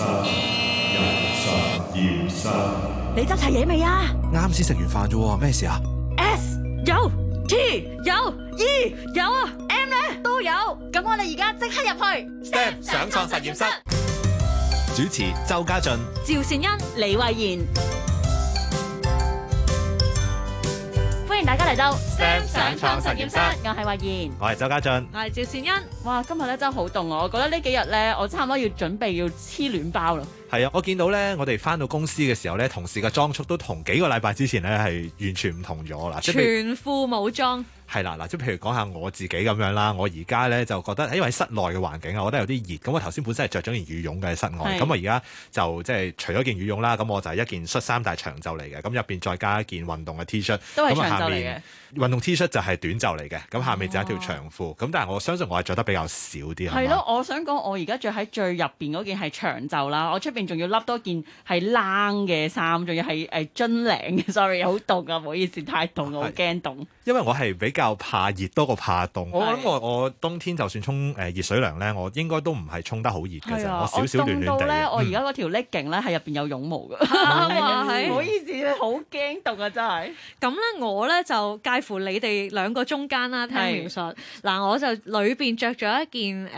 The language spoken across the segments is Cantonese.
十、一、十、二、十。你執齊嘢未啊？啱先食完飯啫，咩事啊？S 有，T 有，E 有，M 呢都有。咁我哋而家即刻入去。Step 上創實驗室。驗室主持：周家俊、趙善恩、李慧妍。歡迎大家嚟到 Sam 上創實驗室，我係華賢，我係周家俊，我係趙善恩。哇，今日咧真係好凍哦！我覺得呢幾日咧，我差唔多要準備要黐暖包啦。係啊，我見到咧，我哋翻到公司嘅時候咧，同事嘅裝束都同幾個禮拜之前咧係完全唔同咗啦。全副武裝。係啦，嗱，即譬如講下我自己咁樣啦，我而家咧就覺得，因為喺室內嘅環境啊，我覺得有啲熱，咁我頭先本身係着咗件羽絨嘅室外，咁是我而家就即係、就是、除咗件羽絨啦，咁我就係一件恤衫帶長袖嚟嘅，咁入邊再加一件運動嘅 t 恤，都係長袖嚟嘅。下面、嗯、運動 t 恤就係短袖嚟嘅，咁下面就一條長褲，咁、哦、但係我相信我係着得比較少啲係咯。我想講我而家着喺最入邊嗰件係長袖啦，我出邊仲要笠多件係冷嘅衫，仲要係誒樽領嘅，sorry，好凍啊，唔好意思，太凍我好驚凍。 因為我係比比較怕熱多過怕凍，我諗我我冬天就算沖誒熱水涼咧，我應該都唔係沖得好熱嘅啫，我少少暖暖哋。我凍到咧，我而家嗰條 legging 咧，係入邊有絨毛噶。唔好意思，好驚凍啊真係。咁咧我咧就介乎你哋兩個中間啦，聽描述。嗱，我就裏邊着咗一件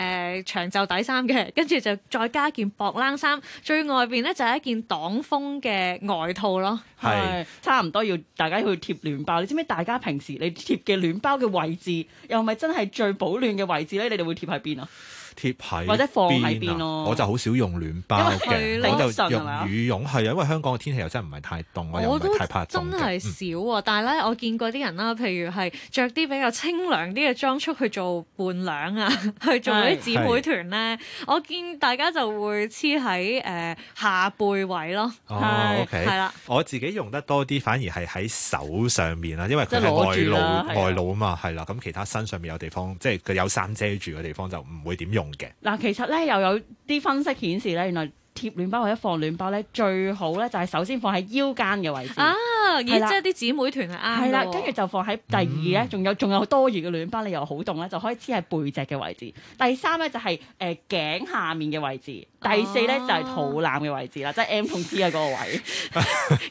誒長袖底衫嘅，跟住就再加件薄冷衫，最外邊咧就係一件擋風嘅外套咯。係差唔多要大家去貼暖包，你知唔知？大家平時你貼嘅暖包嘅位置又係咪真係最保暖嘅位置咧？你哋會貼喺邊啊？貼喺邊啊？或者放喺邊咯？我就好少用暖包嘅，因為我就用羽絨係，因為香港嘅天氣又真係唔係太凍，我又唔係太怕凍嘅，真係少喎！但係咧，我見過啲人啦，譬如係着啲比較清涼啲嘅裝束去做伴娘啊，去做嗰啲姊妹團咧，我見大家就會黐喺誒下背位咯。哦啦，我自己用得多啲，反而係喺手上面啦，因為佢係外露外露啊嘛，係啦，咁其他身上面有地方，即係佢有衫遮住嘅地方就唔會點用。嗱，其實咧又有啲分析顯示咧，原來，貼暖包或者放暖包咧，最好咧就係首先放喺腰間嘅位置啊！而即係啲姊妹團係啱嘅，跟住就放喺第二咧，仲有仲有多餘嘅暖包，你又好凍咧，就可以黐喺背脊嘅位置。第三咧就係誒頸下面嘅位置，第四咧就係肚腩嘅位置啦，即係 M 痛 T 啊嗰個位。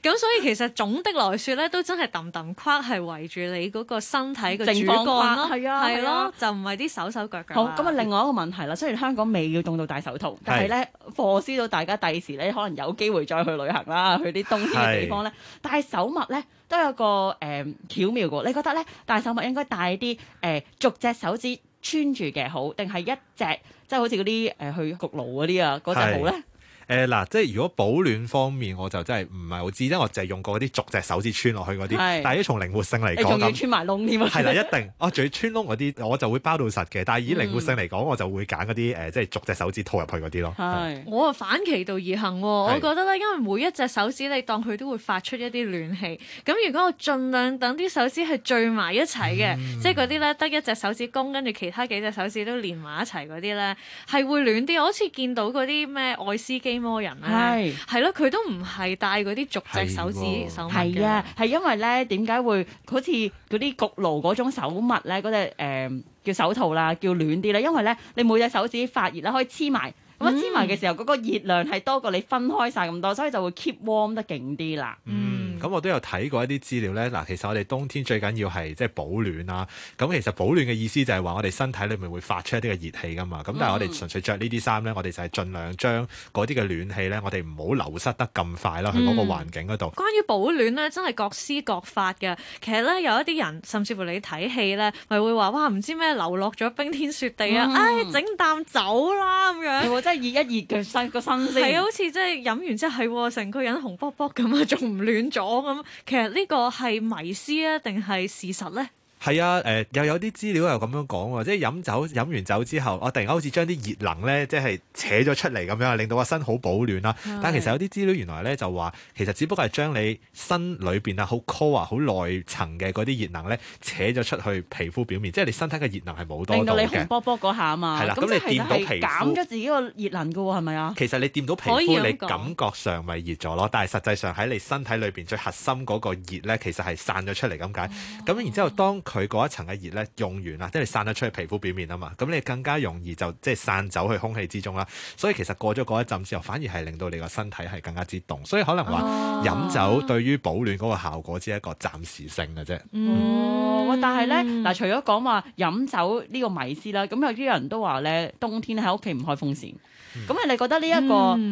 咁所以其實總的來說咧，都真係揼揼框係圍住你嗰個身體嘅主幹咯，係咯，就唔係啲手手腳腳。好咁啊，另外一個問題啦，雖然香港未要凍到戴手套，但係咧，課師到。大家第時咧可能有機會再去旅行啦，去啲冬天嘅地方咧。戴是手襪咧都有個誒、嗯、巧妙嘅，你覺得咧，戴手襪應該戴啲誒，逐、嗯、隻手指穿住嘅好，定係一隻即係、就是、好似嗰啲誒去焗爐嗰啲啊嗰隻好咧？誒嗱、欸，即係如果保暖方面，我就真係唔係好知，因為我淨係用過嗰啲逐隻手指穿落去嗰啲。是但係依從靈活性嚟講咁，欸、穿埋窿添啊！啦樣， 一定啊，仲、哦、要穿窿嗰啲，我就會包到實嘅。但係以靈活性嚟講，我就會揀嗰啲即係逐隻手指套入去嗰啲咯。是是我啊反其道而行喎、哦，是我覺得咧，因為每一隻手指你當佢都會發出一啲暖氣，咁如果我儘量等啲手指係聚埋一齊嘅，嗯、即係嗰啲咧得一隻手指公，跟住其他幾隻手指都連埋一齊嗰啲咧，係會暖啲。我好似見到嗰啲咩愛斯基魔人啊，係係咯，佢、啊、都唔係戴嗰啲逐隻手指、啊、手襪嘅，係、啊、因為咧點解會好似嗰啲焗爐嗰種手襪咧，嗰隻誒叫手套啦，叫暖啲咧，因為咧你每隻手指發熱啦，可以黐埋。咁啊，黐埋嘅、嗯、時候，嗰、嗰個熱量係多過你分開晒咁多，所以就會 keep warm 得勁啲啦。嗯，咁我都有睇過一啲資料咧。嗱，其實我哋冬天最緊要係即係保暖啦。咁其實保暖嘅意思就係話，我哋身體裏面會發出一啲嘅熱氣噶嘛。咁但係我哋純粹着呢啲衫咧，我哋就係盡量將嗰啲嘅暖氣咧，我哋唔好流失得咁快啦，去嗰個環境嗰度、嗯。關於保暖咧，真係各施各法嘅。其實咧，有一啲人，甚至乎你睇戲咧，咪會話哇，唔知咩流落咗冰天雪地啊！嗯、唉，整啖酒啦咁樣。 一 熱一熱個新個身先係，好似即係飲完之後即係成個人紅卜卜咁啊，仲唔暖咗咁？其實呢個係迷思啊，定係事實咧？係啊，誒、呃、又有啲資料又咁樣講喎，即係飲酒飲完酒之後，我突然間好似將啲熱能咧，即係扯咗出嚟咁樣，令到個身好保暖啦。的但係其實有啲資料原來咧就話，其實只不過係將你身裏邊啊好 core 啊好內層嘅嗰啲熱能咧扯咗出去皮膚表面，即係你身體嘅熱能係冇多到。令到你紅卜卜嗰下啊嘛。係啦的，咁即你掂到皮膚，減咗自己個熱能嘅喎，係咪啊？其實你掂到皮膚，你感覺上咪熱咗咯，但係實際上喺你身體裏邊最核心嗰個熱咧，其實係散咗出嚟咁解。咁、哦哦、然之後當佢嗰一層嘅熱咧用完啦，即係散得出去皮膚表面啊嘛，咁你更加容易就即係散走去空氣之中啦。所以其實過咗嗰一陣之後，反而係令到你個身體係更加之凍。所以可能話飲、啊、酒對於保暖嗰個效果只係一個暫時性嘅啫。嗯嗯、但係咧嗱，除咗講話飲酒呢個迷思啦，咁有啲人都話咧冬天喺屋企唔開風扇，咁、嗯、你覺得呢一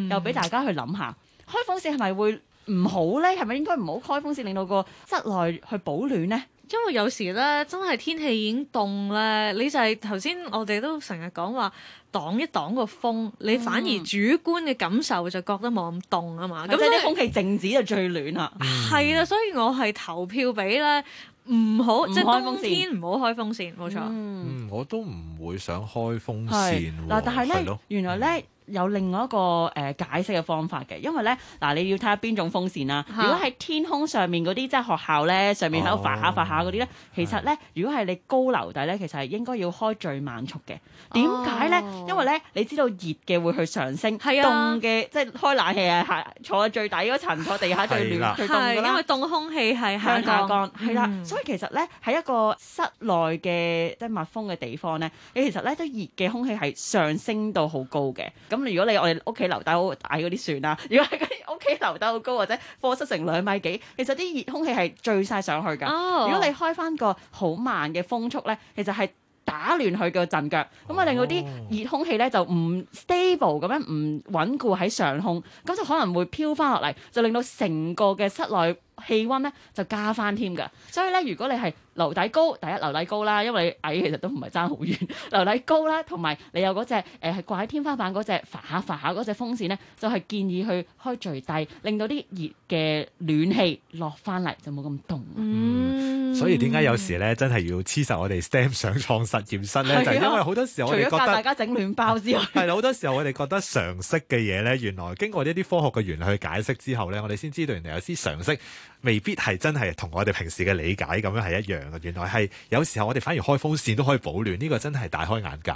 個又俾大家去諗下，開風扇係咪會唔好咧？係咪應該唔好開風扇，令到個室內去保暖呢？因為有時咧，真係天氣已經凍咧，你就係頭先我哋都成日講話擋一擋個風，嗯、你反而主觀嘅感受就覺得冇咁凍啊嘛。咁啲空氣靜止就最暖啦。係啊、嗯，所以我係投票俾咧唔好即係冬天唔好開風扇，冇錯。嗯，嗯，我都唔會想開風扇喎嗱，但係咧，係原來咧。嗯有另外一個誒、呃、解釋嘅方法嘅，因為咧嗱，你要睇下邊種風扇啦、啊。是如果喺天空上面嗰啲，即係學校咧上面喺度發下發下嗰啲咧，其實咧，如果係你高樓底咧，其實係應該要開最慢速嘅。點解咧？哦、因為咧，你知道熱嘅會去上升，凍嘅、啊、即係開冷氣啊，坐喺最底嗰層坐地下最暖、啊、最凍、啊、因為凍空氣係向下降，係啦、嗯啊，所以其實咧喺一個室內嘅即係密封嘅地方咧，你其實咧都熱嘅空氣係上升到好高嘅。咁咁如果你我哋屋企樓底好矮嗰啲算啦，如果係屋企樓底好高或者課室成兩米幾，其實啲熱空氣係聚晒上去噶、oh.。如果你開翻個好慢嘅風速咧，其實係打亂佢嘅陣腳，咁啊令到啲熱空氣咧就唔 stable 咁樣唔穩固喺上空，咁就可能會飄翻落嚟，就令到成個嘅室內氣溫咧就加翻添噶。所以咧，如果你係樓底高，第一樓底高啦，因為矮、哎、其實都唔係爭好遠，樓底高啦，同埋你有嗰隻誒係掛喺天花板嗰隻發下發下嗰隻風扇咧，就係、是、建議去開最低，令到啲熱嘅暖氣落翻嚟就冇咁凍。嗯，所以點解有時咧真係要黐實我哋 STEM 上創實驗室咧，啊、就因為好多時候我哋覺得大家整暖包之外 、啊，好多時候我哋覺得常識嘅嘢咧，原來經過呢啲科學嘅原理去解釋之後咧，我哋先知道原來有啲常識未必係真係同我哋平時嘅理解咁樣係一樣。原來係有時候我哋反而開風扇都可以保暖，呢個真係大開眼界。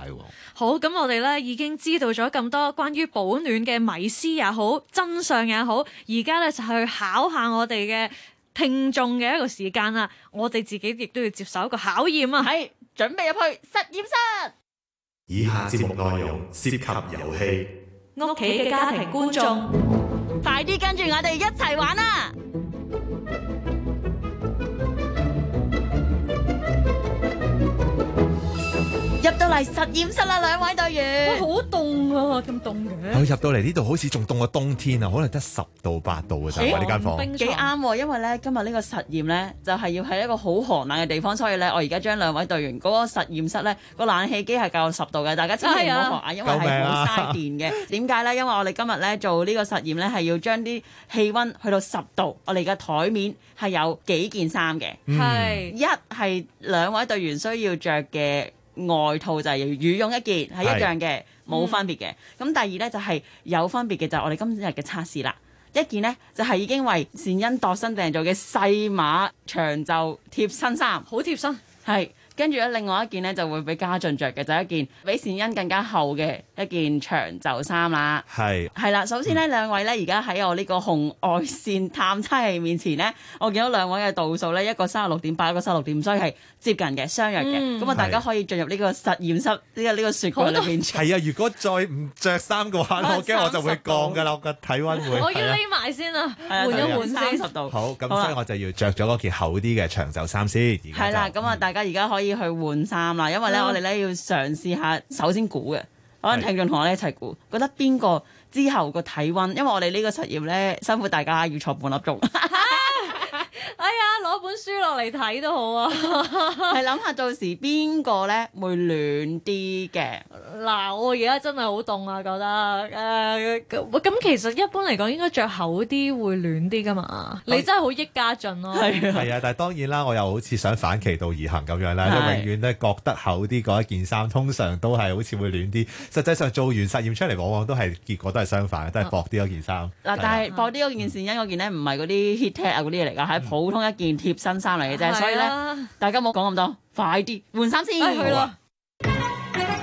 好，咁，我哋呢已經知道咗咁多關於保暖嘅迷思也好，真相也好，而家呢，就去考下我哋嘅聽眾嘅一個時間啦。我哋自己亦都要接受一個考驗啊！係準備入去實驗室。以下節目內容涉及遊戲，屋企嘅家庭觀眾，觀眾快啲跟住我哋一齊玩啦！嚟實驗室啦，兩位隊員，哇，好凍啊！咁凍嘅佢入到嚟呢度，好似仲凍過冬天啊！可能得十度八度嘅啫。呢間、哎、房幾啱，因為咧今日呢個實驗咧就係、是、要喺一個好寒冷嘅地方，所以咧我而家將兩位隊員嗰、那個實驗室咧、那個冷氣機係較十度嘅，大家千祈唔好學啊，因為係好嘥電嘅。點解咧？因為我哋今日咧做呢個實驗咧係要將啲氣温去到十度。我哋而家台面係有幾件衫嘅，係、嗯、是一係兩位隊員需要着嘅。外套就係羽絨一件，係是一樣嘅，冇分別嘅。咁、嗯、第二咧就係有分別嘅，就係我哋今日嘅測試啦。一件咧就係、是、已經為善恩度身訂做嘅細碼長袖貼身衫，好貼身，係。跟住咧，另外一件呢，就會俾家俊着嘅就一件比善欣更加厚嘅一件長袖衫啦。係，係啦。首先呢，兩位呢，而家喺我呢個紅外線探測器面前呢，我見到兩位嘅度數呢，一個三十六點八，一個三十六點五，所以係接近嘅，相約嘅。咁啊，大家可以進入呢個實驗室呢個呢個雪櫃入面。係啊，如果再唔着衫嘅話，我驚我就會降噶啦，個體温會。我要匿埋先啦，換咗換三十度。好，咁所以我就要着咗嗰件厚啲嘅長袖衫先。係啦，咁啊，大家而家可以。要去換衫啦，因為咧我哋咧要嘗試下首先估嘅，可能聽眾同我哋一齊估，是覺得邊個之後個體温，因為我哋呢個實驗咧，辛苦大家要坐半粒鐘。 本書落嚟睇都好啊，係諗下到時邊個咧會暖啲嘅？嗱、呃，我而家真係好凍啊，覺得誒，咁、呃呃呃、其實一般嚟講應該着厚啲會暖啲㗎嘛。啊、你真係好益家俊咯，係啊，但係當然啦，我又好似想反其道而行咁樣啦，即係永遠咧覺得厚啲嗰一件衫通常都係好似會暖啲，實際上做完實驗出嚟往往都係結果都係相反，都係薄啲嗰件衫。嗱、啊，啊、但係薄啲嗰件線因嗰、嗯、件咧唔係嗰啲 heattech 啊嗰啲嚟㗎，係普通一件新衫嚟嘅啫，啊、所以咧大家冇講咁多，快啲換衫先。哎吧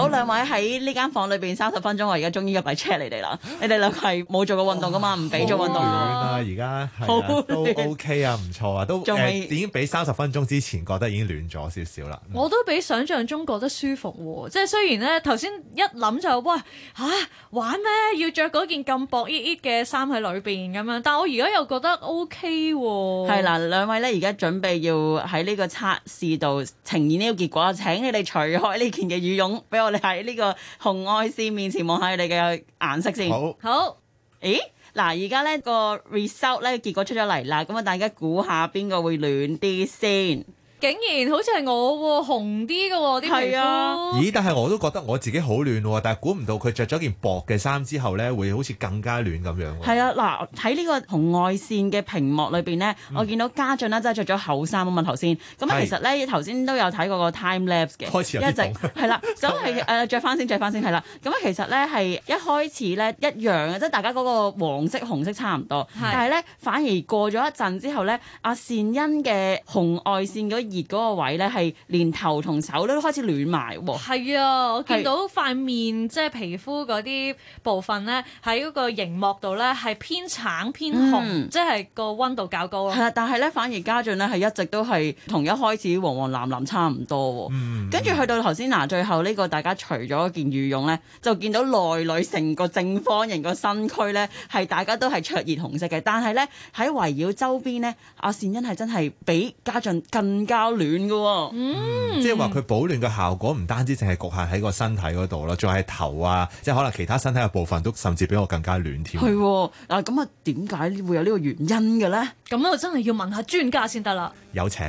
好，兩位喺呢間房裏邊三十分鐘，我而家終於入嚟 check 你哋啦。你哋兩個係冇做過運動噶嘛？唔俾做運動而家、啊啊、暖都 OK 啊，唔錯啊，都是、呃、已經比三十分鐘之前覺得已經暖咗少少啦。我都比想象中覺得舒服喎、啊，即係、嗯、雖然咧頭先一諗就係哇嚇、啊、玩咩？要着嗰件咁薄熱熱嘅衫喺裏邊咁樣，但我而家又覺得 OK 喎、啊。係啦、嗯啊，兩位咧而家準備要喺呢個測試度呈現呢個結果啊！請你哋除開呢件嘅羽絨俾我。你喺呢個紅外線面前望下你嘅顏色先。好，好、欸，誒，嗱，而家咧個 result 咧結果出咗嚟啦，咁啊大家估下邊個會暖啲先。竟然好似係我喎，紅啲嘅喎啲皮膚。咦？但係我都覺得我自己好暖喎，但係估唔到佢着咗件薄嘅衫之後咧，會好似更加暖咁樣。係啊，嗱，喺呢個紅外線嘅屏幕裏邊咧，嗯、我見到家俊啦，真係着咗厚衫。我、嗯、嘛。頭先，咁啊，其實咧頭先都有睇過個 time lapse 嘅，一直係啦，想係誒著翻先，着翻先係啦。咁啊，其實咧係一開始咧一樣，即係大家嗰個黃色、紅色差唔多，嗯、但係咧反而過咗一陣之後咧，阿、啊、善恩嘅紅外線嗰、那，個熱嗰個位咧，係連頭同手咧都開始暖埋喎。係啊，我見到塊面即係皮膚嗰啲部分咧，喺嗰個熒幕度咧係偏橙偏紅，嗯、即係個溫度較高。係啊，但係咧反而家俊咧係一直都係同一開始黃黃藍藍差唔多。嗯，跟住去到頭先嗱，最後呢、呢個大家除咗件羽絨咧，就見到內裏成個正方形個身軀咧係大家都係灼熱紅色嘅，但係咧喺圍繞周邊咧，阿、啊、善恩係真係比嘉俊更加。暖嘅、哦，嗯，即係話佢保暖嘅效果唔單止淨係局限喺個身體嗰度啦，仲係頭啊，即係可能其他身體嘅部分都甚至比我更加暖添、嗯。係嗱、嗯，咁啊，點解會有呢個原因嘅咧？咁我真係要問下專家先得啦。有請，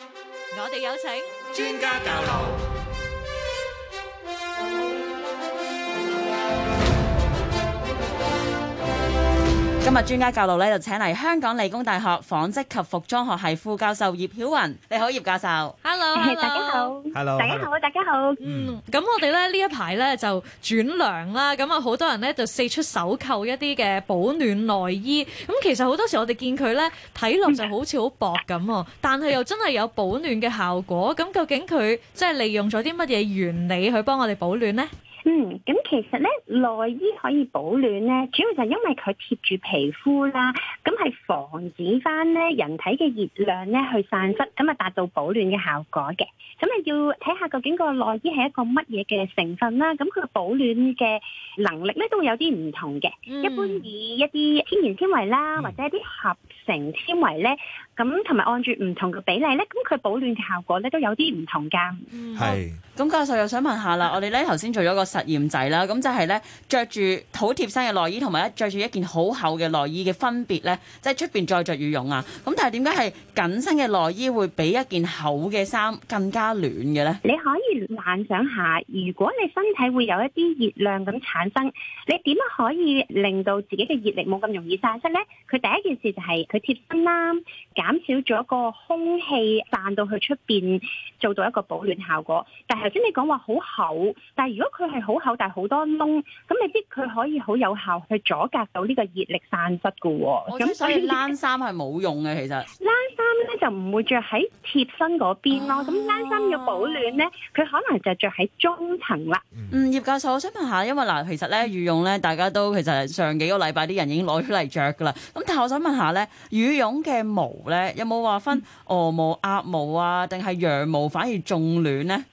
我哋有請專家教路。今日專家教路咧就請嚟香港理工大學紡織及服裝學系副教授葉曉雲。你好，葉教授。Hello，大家好。Hello，大家好，大家好。嗯，咁我哋咧呢一排咧就轉涼啦，咁啊好多人咧就四出手購一啲嘅保暖內衣。咁其實好多時我哋見佢咧睇落就好似好薄咁，但係又真係有保暖嘅效果。咁究竟佢即係利用咗啲乜嘢原理去幫我哋保暖呢？嗯，咁其實咧內衣可以保暖咧，主要就係因為佢貼住皮膚啦，咁係防止翻咧人體嘅熱量咧去散失，咁啊達到保暖嘅效果嘅。咁啊要睇下究竟個內衣係一個乜嘢嘅成分啦，咁佢嘅保暖嘅能力咧都會有啲唔同嘅。嗯、一般以一啲天然纖維啦，嗯、或者一啲合。成纖維咧，咁、嗯、同埋按住唔同嘅比例咧，咁佢保暖嘅效果咧都有啲唔同噶。係、嗯，咁是、嗯、教授又想問下啦，我哋咧頭先做咗個實驗仔啦，咁就係咧着住好貼身嘅內衣同埋咧著住一件好厚嘅內衣嘅分別咧，即係出邊再着羽絨啊。咁但係點解係緊身嘅內衣會比一件厚嘅衫更加暖嘅咧？你可以幻想下，如果你身體會有一啲熱量咁產生，你點樣可以令到自己嘅熱力冇咁容易散失咧？佢第一件事就係、是。佢貼身啦、啊，減少咗個空氣散到去出邊，做到一個保暖效果。但頭先你講話好厚，但係如果佢係好厚，但係好多窿，咁未必佢可以好有效去阻隔到呢個熱力散失嘅喎。咁所以冷衫係冇用嘅，其實冷衫咧就唔會着喺貼身嗰邊咯。咁冷衫要保暖咧，佢可能就着喺中層啦。嗯，葉教授我想問下，因為嗱，其實咧羽絨咧，大家都其實上幾個禮拜啲人已經攞出嚟着㗎啦。咁但係我想問下咧。羽絨嘅毛咧，有冇話分鵝毛、鴨毛啊，定係羊毛反而仲暖呢？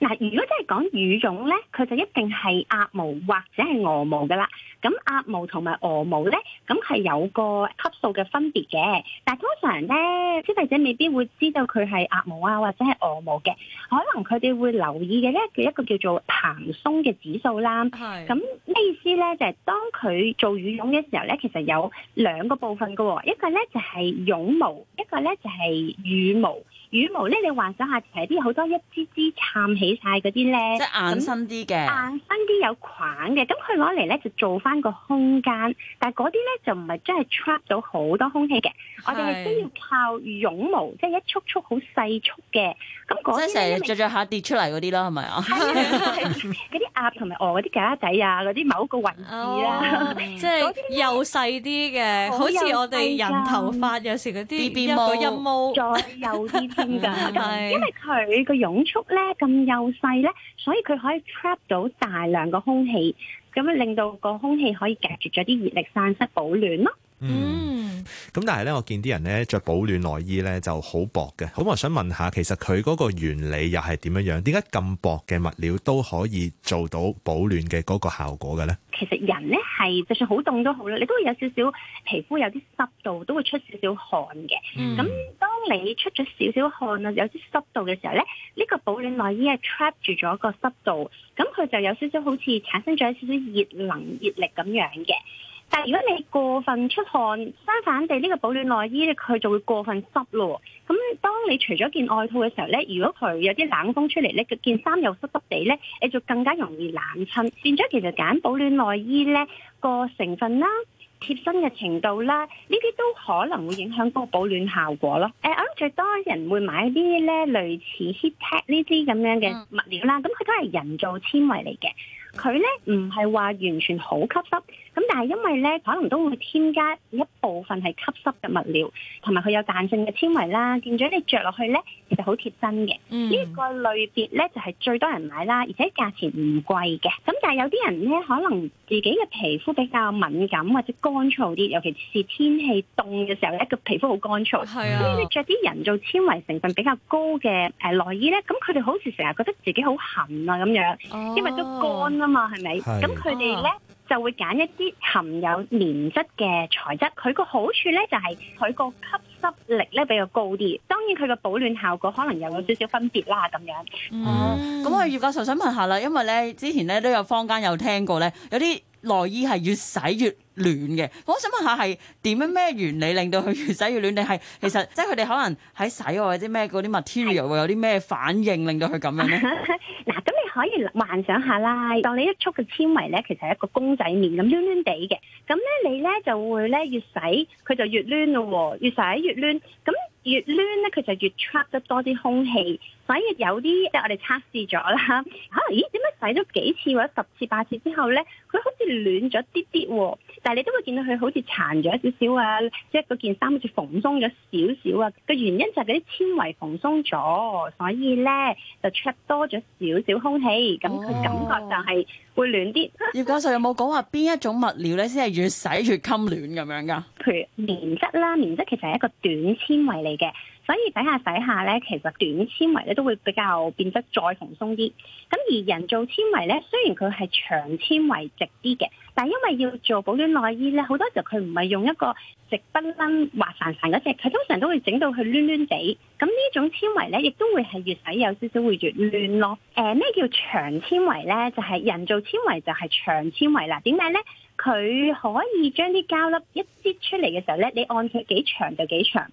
嗱，如果真係講羽絨咧，佢就一定係鴨毛或者係鵝毛㗎喇。咁鴨毛同埋鵝毛咧，咁係有個級數嘅分別嘅。但係通常咧，消費者未必會知道佢係鴨毛啊，或者係鵝毛嘅。可能佢哋會留意嘅咧，叫一個叫做蓬鬆嘅指數啦。係是。咁咩、嗯、意思咧？就係、是、當佢做羽絨嘅時候咧，其實有兩個部分嘅喎。一個咧就係、是、絨毛，一個咧就係、是、羽毛。羽毛咧，你幻想下係啲好多一支支撐起晒嗰啲咧。即係硬身啲嘅。硬身啲有框嘅，咁佢攞嚟咧就做翻。翻個空間，但係嗰啲咧就唔係真係 trap 到好多空氣嘅，我哋亦都要靠絨毛，即係一束束好細束嘅。咁嗰啲成日着着下跌出嚟嗰啲咯，係咪啊？嗰啲鴨同埋鵝嗰啲雞仔啊，嗰啲某個位置啦，即係又細啲嘅，好似我哋人頭髮有時嗰啲一個陰毛再幼啲啲噶，因為佢個絨束咧咁幼細咧，所以佢可以 trap 到大量嘅空氣。咁樣令到個空氣可以隔絕咗啲熱力散失，保暖咯。嗯，咁但係咧，我見啲人咧着保暖內衣咧就好薄嘅，咁我想問下，其實佢嗰個原理又係點樣樣？點解咁薄嘅物料都可以做到保暖嘅嗰個效果嘅咧？其實人咧係就算好凍都好啦，你都會有少少皮膚有啲濕度，都會出少少汗嘅。咁、嗯、當你出咗少少汗啊，有啲濕度嘅時候咧，呢、呢個保暖內衣係 trap 住咗個濕度，咁佢就有少少好似產生咗一少少熱能、熱力咁樣嘅。但係如果你過分出汗，相反地呢、這個保暖內衣咧，佢就會過分濕咯。咁當你除咗件外套嘅時候咧，如果佢有啲冷風出嚟咧，件衫又濕濕地咧，你就更加容易冷親。變咗其實揀保暖內衣咧，個成分啦、貼身嘅程度啦，呢啲都可能會影響嗰個保暖效果咯。誒、呃，我諗最多人會買啲咧類似 heattech 呢啲咁樣嘅物料啦，咁佢都係人造纖維嚟嘅，佢咧唔係話完全好吸濕。咁但係因為咧，可能都會添加一部分係吸濕嘅物料，同埋佢有彈性嘅纖維啦。變咗你着落去咧，其實好貼身嘅。呢、嗯、個類別咧就係、是、最多人買啦，而且價錢唔貴嘅。咁但係有啲人咧，可能自己嘅皮膚比較敏感或者乾燥啲，尤其是天氣凍嘅時候咧，個皮膚好乾燥。係啊，所以你着啲人造纖維成分比較高嘅誒內衣咧，咁佢哋好似成日覺得自己好痕啊咁樣，因為都乾啊嘛，係咪、哦？咁佢哋咧。就會揀一啲含有棉質嘅材質，佢個好處咧就係佢個吸濕力咧比較高啲，當然佢個保暖效果可能又有少少分別啦咁樣。嗯，咁啊葉教授想問下啦，因為咧之前咧都有坊間有聽過咧，有啲內衣係越洗越暖嘅，我想問下係點樣咩原理令到佢越洗越暖，定係其實 即係佢哋可能喺洗或者咩嗰啲 material 會有啲咩反應令到佢咁樣咧？ 可以幻想下啦，當你一束嘅纖維咧，其實係一個公仔麵咁攣攣地嘅，咁咧你咧就會咧越洗佢就越攣咯、哦，越洗越攣，咁越攣咧佢就越 trap 得多啲空氣，所以有啲即係我哋測試咗啦，可咦點解洗咗幾次或者十次八次之後咧，佢好似暖咗啲啲喎？但係你都會見到佢好似殘咗少少啊，即係嗰件衫好似蓬鬆咗少少啊。個原因就係嗰啲纖維蓬鬆咗，所以咧就出多咗少少空氣，咁佢感覺就係會暖啲、哦。 葉教授有冇講話邊一種物料咧先係越洗越襟暖咁樣㗎？譬如棉質啦，棉質其實係一個短纖維嚟嘅。所以洗下洗下咧，其實短纖維咧都會比較變得再蓬鬆啲。咁而人造纖維咧，雖然佢係長纖維直啲嘅，但係因為要做保暖內衣咧，好多時候佢唔係用一個直不甩滑潺潺嗰隻，佢通常都會整到佢攣攣地。咁呢種纖維咧，亦都會係越洗有少少會越亂咯。誒、呃，咩叫長纖維咧？就係、是、人造纖維就係長纖維啦。點解咧？佢可以將啲膠粒一擠出嚟嘅時候咧，你按佢幾長就幾長。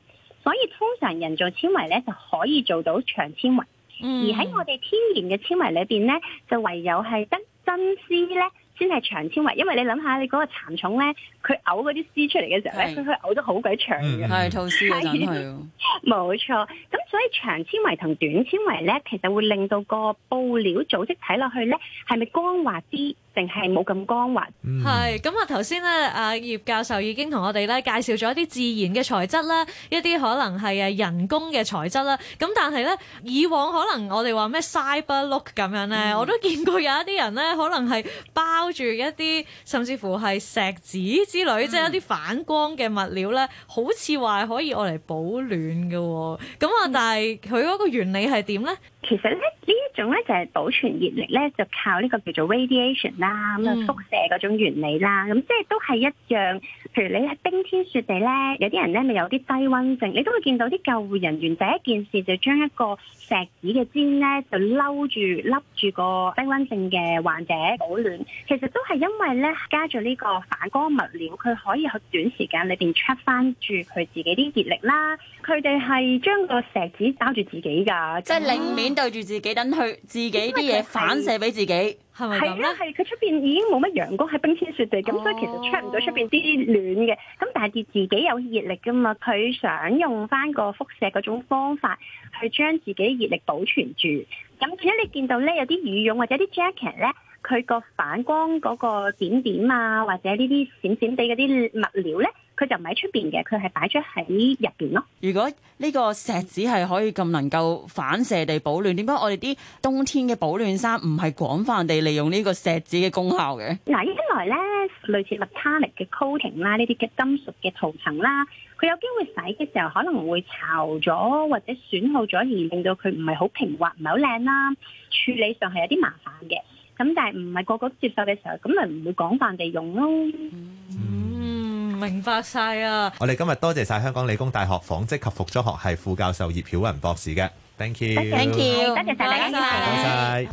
所以通常人造纖維咧就可以做到長纖維，而喺我哋天然嘅纖維裏邊咧，就唯有係得真絲咧先係長纖維，因為你諗下你嗰個蠶蟲咧。佢嘔嗰啲絲出嚟嘅時候咧，佢佢是嘔得好鬼長嘅，係吐絲咁樣，冇是、啊、 錯。咁所以長纖維同短纖維咧，其實會令到個布料組織睇落去咧，係咪光滑啲，定係冇咁光滑？係、嗯。咁啊頭先咧，阿葉教授已經同我哋咧介紹咗一啲自然嘅材質啦，一啲可能係誒人工嘅材質啦。咁但係咧，以往可能我哋話咩 cyber look 咁樣咧，嗯、我都見過有一啲人咧，可能係包住一啲，甚至乎係石紙。之類，嗯、即係一啲反光嘅物料咧，好似話係可以愛嚟保暖嘅、哦，咁啊，嗯、但係佢嗰個原理係點咧？其實咧，呢一種咧就係、是、保存熱力咧，就靠呢個叫做 radiation 啦，咁啊輻射嗰種原理啦，咁、嗯、即係都係一樣。譬如你喺冰天雪地咧，有啲人咧咪有啲低溫症，你都會見到啲救護人員第一件事就將一個石子嘅氈咧，就嬲住笠住個低溫症嘅患者保暖。其實都係因為咧加咗呢個反光物料，佢可以喺短時間裏邊 capture 翻住佢自己啲熱力啦。佢哋係將個石子包住自己噶，即係令免。對住自己，等佢自己啲嘢反射俾自己，係咪咁咧？係啊，係佢出邊已經冇乜陽光，喺冰天雪地咁，oh. 所以其實 check 唔到出邊啲暖嘅。咁但係佢自己有熱力噶嘛，佢想用翻個輻射嗰種方法去將自己熱力保存住。咁，咁你見到咧，有啲羽絨或者啲 jacket 咧，佢個反光嗰個點點啊，或者呢啲閃閃哋嗰啲物料咧。佢就唔喺出邊嘅，佢係擺咗喺入邊咯。如果呢個石子係可以咁能夠反射地保暖，點解我哋啲冬天嘅保暖衫唔係廣泛地利用呢個石子嘅功效嘅？嗱，一來咧，類似 metallic 嘅 coating 啦，呢啲嘅金屬嘅塗層啦，佢有機會洗嘅時候可能會巢咗或者損耗咗，而令到佢唔係好平滑，唔係好靚啦。處理上係有啲麻煩嘅，咁但係唔係個個接受嘅時候，咁咪唔會廣泛地用咯。嗯。明白晒啊！ 我哋今日多謝晒香港理工大學紡織及服裝學系副教授葉曉雲博士嘅，thank you，thank you，多謝大家，多謝晒。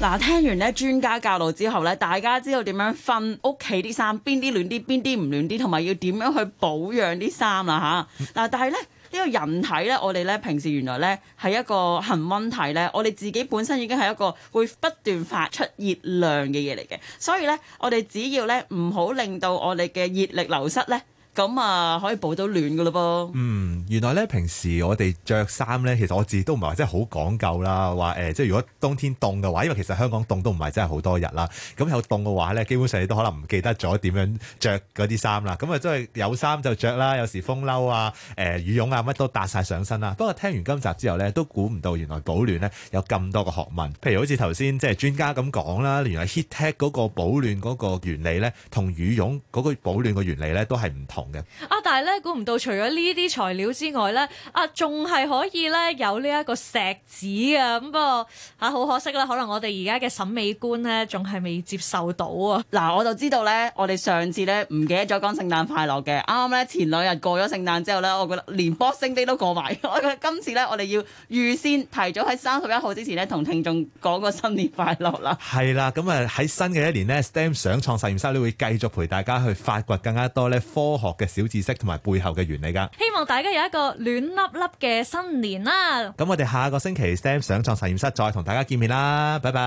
嗱，聽完咧專家教導之後咧，大家知道點樣分屋企啲衫邊啲暖啲，邊啲唔暖啲，同埋要點樣去保養啲衫啦嚇。嗱，但係咧。 呢個人體咧，我哋咧平時原來咧係一個恆溫體咧，我哋自己本身已經係一個會不斷發出熱量嘅嘢嚟嘅，所以咧我哋只要咧唔好令到我哋嘅熱力流失咧。咁啊，可以保到暖噶咯噃？嗯，原來咧，平時我哋着衫咧，其實我自己都唔係話真係好講究啦。話誒、呃，即係如果冬天凍嘅話，因為其實香港凍都唔係真係好多日啦。咁有凍嘅話咧，基本上你都可能唔記得咗點樣着嗰啲衫啦。咁啊，都係有衫就着啦，有時風褸啊、誒、呃、羽絨啊乜都搭晒上身啦。不過聽完今集之後咧，都估唔到原來保暖咧有咁多嘅學問。譬如好似頭先即係專家咁講啦，原來 heattech 嗰個保暖嗰個原理咧，同羽絨嗰個保暖嘅原理咧都係唔同。啊！但係咧，估唔到除咗呢啲材料之外咧，啊仲係可以咧有呢一個石子啊！咁不過啊，好可惜啦，可能我哋而家嘅審美觀咧，仲係未接受到啊！嗱、啊，我就知道咧，我哋上次咧唔記得咗講聖誕快樂嘅，啱啱咧前兩日過咗聖誕之後咧，我覺得連 Boxing Day 都過埋，我覺得今次咧我哋要預先提早喺三十一號之前咧，同聽眾講個新年快樂啦！係啦、啊，咁啊喺新嘅一年呢 STEM 想創實驗室咧會繼續陪大家去發掘更加多咧科學嘅小知識同埋背後嘅原理㗎，希望大家有一個暖粒粒嘅新年啦！咁我哋下個星期 STEM 想創實驗室再同大家見面啦，拜拜！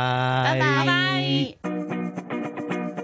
拜拜 bye！Bye bye